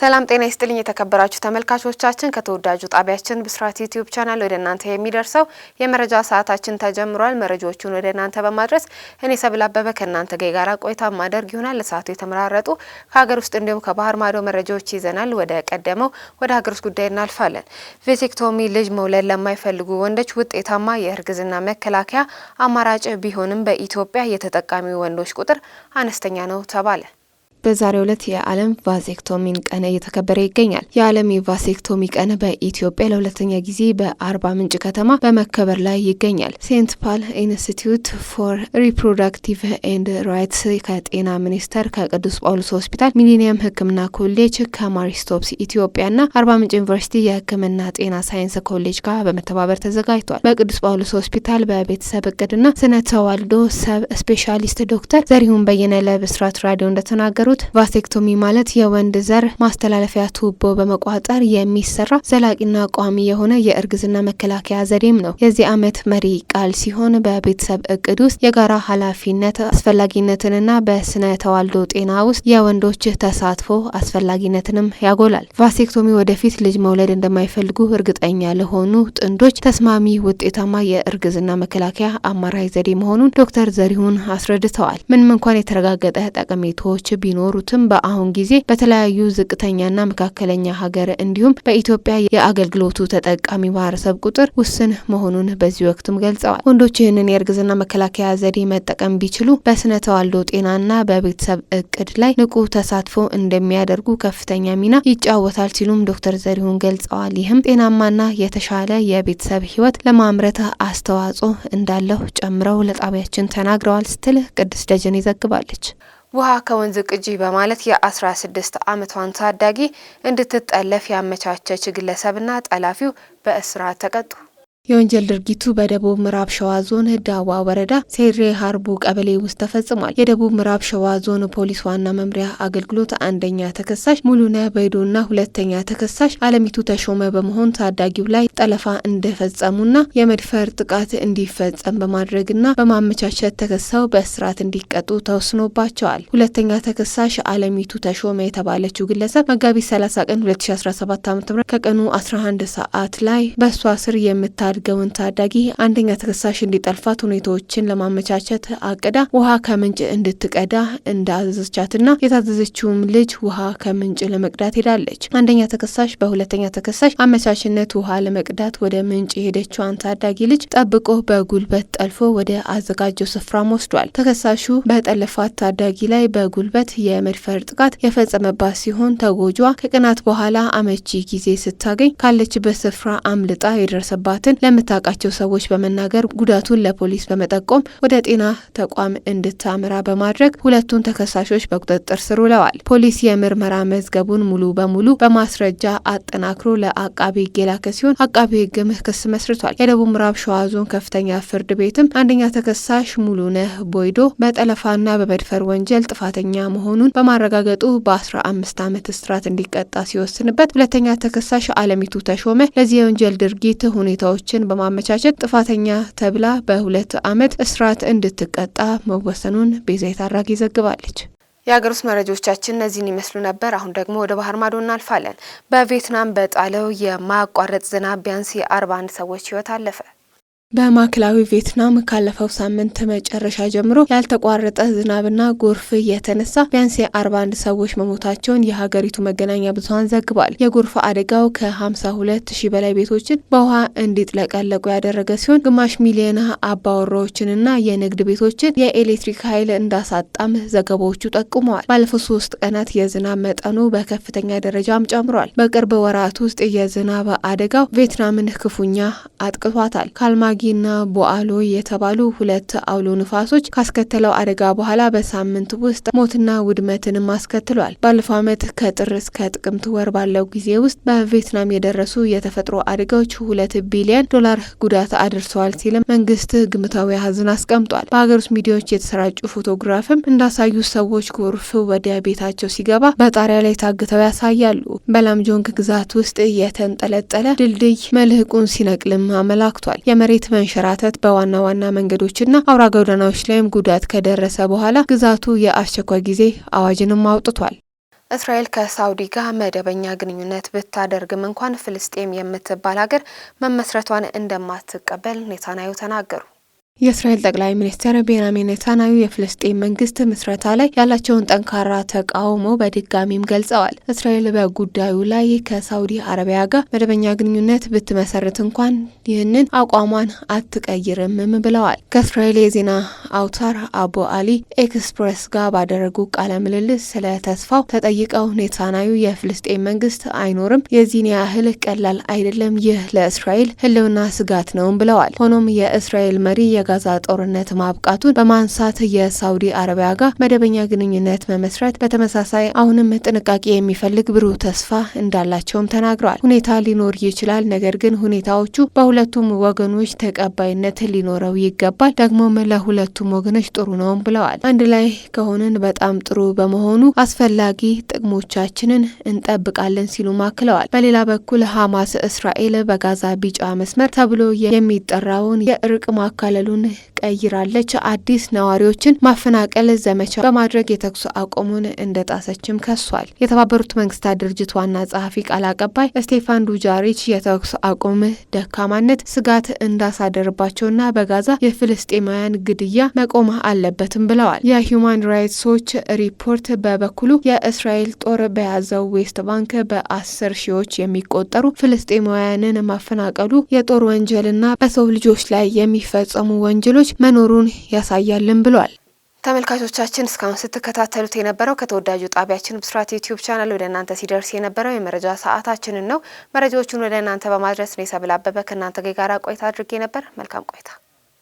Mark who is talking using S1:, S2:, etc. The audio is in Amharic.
S1: ሰላም ጤና ይስጥልኝ የተከበራችሁ ተመልካቾቻችን፣ ከተወዳጁ ጣቢያችን ብስራት ዩቲዩብ ቻናል ወደ እናንተ የሚደርሰው የመረጃ ሰዓታችን ተጀምሯል። መረጃዎቹን ወደ እናንተ በማድረስ እኔ ሰብል አበበ ከእናንተ ጋር የጋራ ቆይታ ማደርግ ይሆናል። ለሰዓቱ የተመራረጡ ከሀገር ውስጥ እንዲሁም ከባህር ማዶ መረጃዎች ይዘናል። ወደ ቀደመው ወደ ሀገር ውስጥ ጉዳይ እናልፋለን። ቬሴክቶሚ ልጅ መውለድ ለማይፈልጉ ወንዶች ውጤታማ የእርግዝና መከላከያ አማራጭ ቢሆንም በኢትዮጵያ የተጠቃሚ ወንዶች ቁጥር አነስተኛ ነው ተባለ።
S2: በዛሬው ዕለት የዓለም ቫሴክቶሚን ቀን እየተከበረ ይገኛል። የዓለም የቫሴክቶሚ ቀን በኢትዮጵያ ለሁለተኛ ጊዜ በአርባ ምንጭ ከተማ በመከበር ላይ ይገኛል። ሴንት ፓል ኢንስቲትዩት ፎር ሪፕሮዳክቲቭ ኤንድ ራይትስ ከጤና ሚኒስቴር፣ ከቅዱስ ጳውሎስ ሆስፒታል፣ ሚሊኒየም ሕክምና ኮሌጅ፣ ከማሪስቶፕስ ኢትዮጵያና አርባ ምንጭ ዩኒቨርሲቲ የሕክምና ጤና ሳይንስ ኮሌጅ ጋር በመተባበር ተዘጋጅቷል። በቅዱስ ጳውሎስ ሆስፒታል በቤተሰብ እቅድና ስነ ተዋልዶ ሰብ ስፔሻሊስት ዶክተር ዘሪሁን በየነ ለብስራት ራዲዮ እንደተናገሩ የተናገሩት ቫሴክቶሚ ማለት የወንድ ዘር ማስተላለፊያ ቱቦ በመቋጠር የሚሰራ ዘላቂና ቋሚ የሆነ የእርግዝና መከላከያ ዘዴም ነው። የዚህ ዓመት መሪ ቃል ሲሆን በቤተሰብ እቅድ ውስጥ የጋራ ኃላፊነት አስፈላጊነትንና በስነ ተዋልዶ ጤና ውስጥ የወንዶች ተሳትፎ አስፈላጊነትንም ያጎላል። ቫሴክቶሚ ወደፊት ልጅ መውለድ እንደማይፈልጉ እርግጠኛ ለሆኑ ጥንዶች ተስማሚ ውጤታማ የእርግዝና መከላከያ አማራጭ ዘዴ መሆኑን ዶክተር ዘሪሁን አስረድተዋል። ምንም እንኳን የተረጋገጠ ጠቀሜታዎች ቢኖ የሚኖሩትም በአሁን ጊዜ በተለያዩ ዝቅተኛና መካከለኛ ሀገር እንዲሁም በኢትዮጵያ የአገልግሎቱ ተጠቃሚ ማህበረሰብ ቁጥር ውስን መሆኑን በዚህ ወቅትም ገልጸዋል። ወንዶች ይህንን የእርግዝና መከላከያ ዘዴ መጠቀም ቢችሉ በስነ ተዋልዶ ጤናና በቤተሰብ እቅድ ላይ ንቁ ተሳትፎ እንደሚያደርጉ ከፍተኛ ሚና ይጫወታል ሲሉም ዶክተር ዘሪሁን ገልጸዋል። ይህም ጤናማና የተሻለ የቤተሰብ ህይወት ለማምረት አስተዋጽኦ እንዳለው ጨምረው ለጣቢያችን ተናግረዋል ስትል ቅድስት ደጀኔ ዘግባለች። ውሃ ከወንዝ ቅጂ በማለት የ16 ዓመቷን ታዳጊ እንድትጠለፍ ያመቻቸች ግለሰብና ጠላፊው በእስራት ተቀጡ። የወንጀል ድርጊቱ በደቡብ ምዕራብ ሸዋ ዞን ዳዋ ወረዳ ሴሬ ሀርቡ ቀበሌ ውስጥ ተፈጽሟል። የደቡብ ምዕራብ ሸዋ ዞን ፖሊስ ዋና መምሪያ አገልግሎት አንደኛ ተከሳሽ ሙሉነህ በይዶና ሁለተኛ ተከሳሽ አለሚቱ ተሾመ በመሆን ታዳጊው ላይ ጠለፋ እንደፈጸሙና የመድፈር ጥቃት እንዲፈጸም በማድረግና በማመቻቸት ተከሰው በእስራት እንዲቀጡ ተወስኖባቸዋል። ሁለተኛ ተከሳሽ አለሚቱ ተሾመ የተባለችው ግለሰብ መጋቢት 30 ቀን 2017 ዓ.ም ከቀኑ 11 ሰዓት ላይ በእሷ ስር የምታ የምታድገውን ታዳጊ አንደኛ ተከሳሽ እንዲጠልፋት ሁኔታዎችን ለማመቻቸት አቅዳ ውሃ ከምንጭ እንድትቀዳ እንዳዘዘቻትና የታዘዘችውም ልጅ ውሃ ከምንጭ ለመቅዳት ሄዳለች። አንደኛ ተከሳሽ በሁለተኛ ተከሳሽ አመቻችነት ውሃ ለመቅዳት ወደ ምንጭ የሄደችዋን ታዳጊ ልጅ ጠብቆ በጉልበት ጠልፎ ወደ አዘጋጀው ስፍራም ወስዷል። ተከሳሹ በጠለፋት ታዳጊ ላይ በጉልበት የመድፈር ጥቃት የፈጸመባት ሲሆን ተጎጇ ከቀናት በኋላ አመቺ ጊዜ ስታገኝ ካለችበት ስፍራ አምልጣ የደረሰባትን ለምታውቃቸው ሰዎች በመናገር ጉዳቱን ለፖሊስ በመጠቆም ወደ ጤና ተቋም እንድታምራ በማድረግ ሁለቱን ተከሳሾች በቁጥጥር ስር ውለዋል። ፖሊስ የምርመራ መዝገቡን ሙሉ በሙሉ በማስረጃ አጠናክሮ ለአቃቢ ሕግ የላከ ሲሆን አቃቢ ሕግም ክስ መስርቷል። የደቡብ ምዕራብ ሸዋ ዞን ከፍተኛ ፍርድ ቤትም አንደኛ ተከሳሽ ሙሉነህ ቦይዶ በጠለፋና በመድፈር ወንጀል ጥፋተኛ መሆኑን በማረጋገጡ በአስራ አምስት ዓመት እስራት እንዲቀጣ ሲወስንበት፣ ሁለተኛ ተከሳሽ አለሚቱ ተሾመ ለዚህ የወንጀል ድርጊት ሁኔታዎች ። ሁኔታዎችን በማመቻቸት ጥፋተኛ ተብላ በሁለት ዓመት እስራት እንድትቀጣ መወሰኑን ቤዛይት አራጌ ዘግባለች።
S1: የሀገር ውስጥ መረጃዎቻችን እነዚህን ይመስሉ ነበር። አሁን ደግሞ ወደ ባህር ማዶ እናልፋለን። በቪየትናም በጣለው የማያቋረጥ ዝናብ ቢያንስ የአርባ አንድ ሰዎች ህይወት አለፈ። በማዕከላዊ ቪየትናም ካለፈው ሳምንት መጨረሻ ጀምሮ ያልተቋረጠ ዝናብና ጎርፍ የተነሳ ቢያንስ የአርባ አንድ ሰዎች መሞታቸውን የሀገሪቱ መገናኛ ብዙኃን ዘግቧል። የጎርፍ አደጋው ከ ሁለት ሺህ በላይ ቤቶችን በውሃ እንዲጥለቀለቁ ያደረገ ሲሆን ግማሽ ሚሊዮን አባወራዎችንና የንግድ ቤቶችን የኤሌክትሪክ ኃይል እንዳሳጣም ዘገባዎቹ ጠቁመዋል። ባለፉት ሶስት ቀናት የዝናብ መጠኑ በከፍተኛ ደረጃም ጨምሯል። በቅርብ ወራት ውስጥ የዝናብ አደጋው ቪየትናምን ክፉኛ አጥቅቷታል። ካልማጊ ዳጊና ቦአሎ የተባሉ ሁለት አውሎ ንፋሶች ካስከተለው አደጋ በኋላ በሳምንት ውስጥ ሞትና ውድመትንም አስከትሏል። ባለፈው ዓመት ከጥር እስከ ጥቅምት ወር ባለው ጊዜ ውስጥ በቬትናም የደረሱ የተፈጥሮ አደጋዎች ሁለት ቢሊዮን ዶላር ጉዳት አድርሰዋል ሲልም መንግስት ግምታዊ አሃዝን አስቀምጧል። በሀገር ውስጥ ሚዲያዎች የተሰራጩ ፎቶግራፍም እንዳሳዩ ሰዎች ጎርፍ ወደ ቤታቸው ሲገባ በጣሪያ ላይ ታግተው ያሳያሉ። በላምጆንግ ግዛት ውስጥ የተንጠለጠለ ድልድይ መልህቁን ሲነቅልም አመላክቷል። የመሬት የመሬት መንሸራተት በዋና ዋና መንገዶችና አውራ ጎዳናዎች ላይም ጉዳት ከደረሰ በኋላ ግዛቱ የአስቸኳይ ጊዜ አዋጅንም አውጥቷል። እስራኤል ከሳውዲ ጋር መደበኛ ግንኙነት ብታደርግም እንኳን ፍልስጤም የምትባል ሀገር መመስረቷን እንደማትቀበል ኔታንያሁ ተናገሩ። የእስራኤል ጠቅላይ ሚኒስትር ቤንያሚን ኔታንያሁ የፍልስጤም መንግስት ምስረታ ላይ ያላቸውን ጠንካራ ተቃውሞ በድጋሚም ገልጸዋል። እስራኤል በጉዳዩ ላይ ከሳውዲ አረቢያ ጋር መደበኛ ግንኙነት ብትመሰርት እንኳን ይህንን አቋሟን አትቀይርምም ብለዋል። ከእስራኤል የዜና አውታር አቡ አሊ ኤክስፕሬስ ጋር ባደረጉ ቃለ ምልልስ ስለ ተስፋው ተጠይቀው ኔታንያሁ የፍልስጤም መንግስት አይኖርም፣ የዚህን ያህል ቀላል አይደለም፣ ይህ ለእስራኤል ህልውና ስጋት ነውም ብለዋል። ሆኖም የእስራኤል መሪ ለጋዛ ጦርነት ማብቃቱን በማንሳት የሳውዲ አረቢያ ጋር መደበኛ ግንኙነት መመስረት በተመሳሳይ አሁንም ጥንቃቄ የሚፈልግ ብሩህ ተስፋ እንዳላቸውም ተናግረዋል። ሁኔታ ሊኖር ይችላል፣ ነገር ግን ሁኔታዎቹ በሁለቱም ወገኖች ተቀባይነት ሊኖረው ይገባል፣ ደግሞም ለሁለቱም ወገኖች ጥሩ ነውም ብለዋል። አንድ ላይ ከሆንን በጣም ጥሩ በመሆኑ አስፈላጊ ጥቅሞቻችንን እንጠብቃለን ሲሉ ማክለዋል። በሌላ በኩል ሐማስ እስራኤል በጋዛ ቢጫ መስመር ተብሎ የሚጠራውን የእርቅ ማካለሉን አቋሙን ቀይራለች። አዲስ ነዋሪዎችን ማፈናቀል ዘመቻ በማድረግ የተኩስ አቁሙን እንደጣሰችም ከሷል። የተባበሩት መንግስታት ድርጅት ዋና ጸሐፊ ቃል አቀባይ ስቴፋን ዱጃሪች የተኩስ አቁም ደካማነት ስጋት እንዳሳደርባቸውና በጋዛ የፍልስጤማውያን ግድያ መቆም አለበትም ብለዋል። የሂዩማን ራይትስ ዎች ሪፖርት በበኩሉ የእስራኤል ጦር በያዘው ዌስት ባንክ በአስር ሺዎች የሚቆጠሩ ፍልስጤማውያንን ማፈናቀሉ የጦር ወንጀልና በሰው ልጆች ላይ የሚፈጸሙ ወንጀሎች መኖሩን ያሳያልን ብሏል። ተመልካቾቻችን እስካሁን ስትከታተሉት የነበረው ከተወዳጁ ጣቢያችን ብስራት ዩቲዩብ ቻናል ወደ እናንተ ሲደርስ የነበረው የመረጃ ሰዓታችንን ነው። መረጃዎቹን ወደ እናንተ በማድረስ ነው የሰብል አበበ ከእናንተ ጋር ቆይታ አድርጌ ነበር። መልካም ቆይታ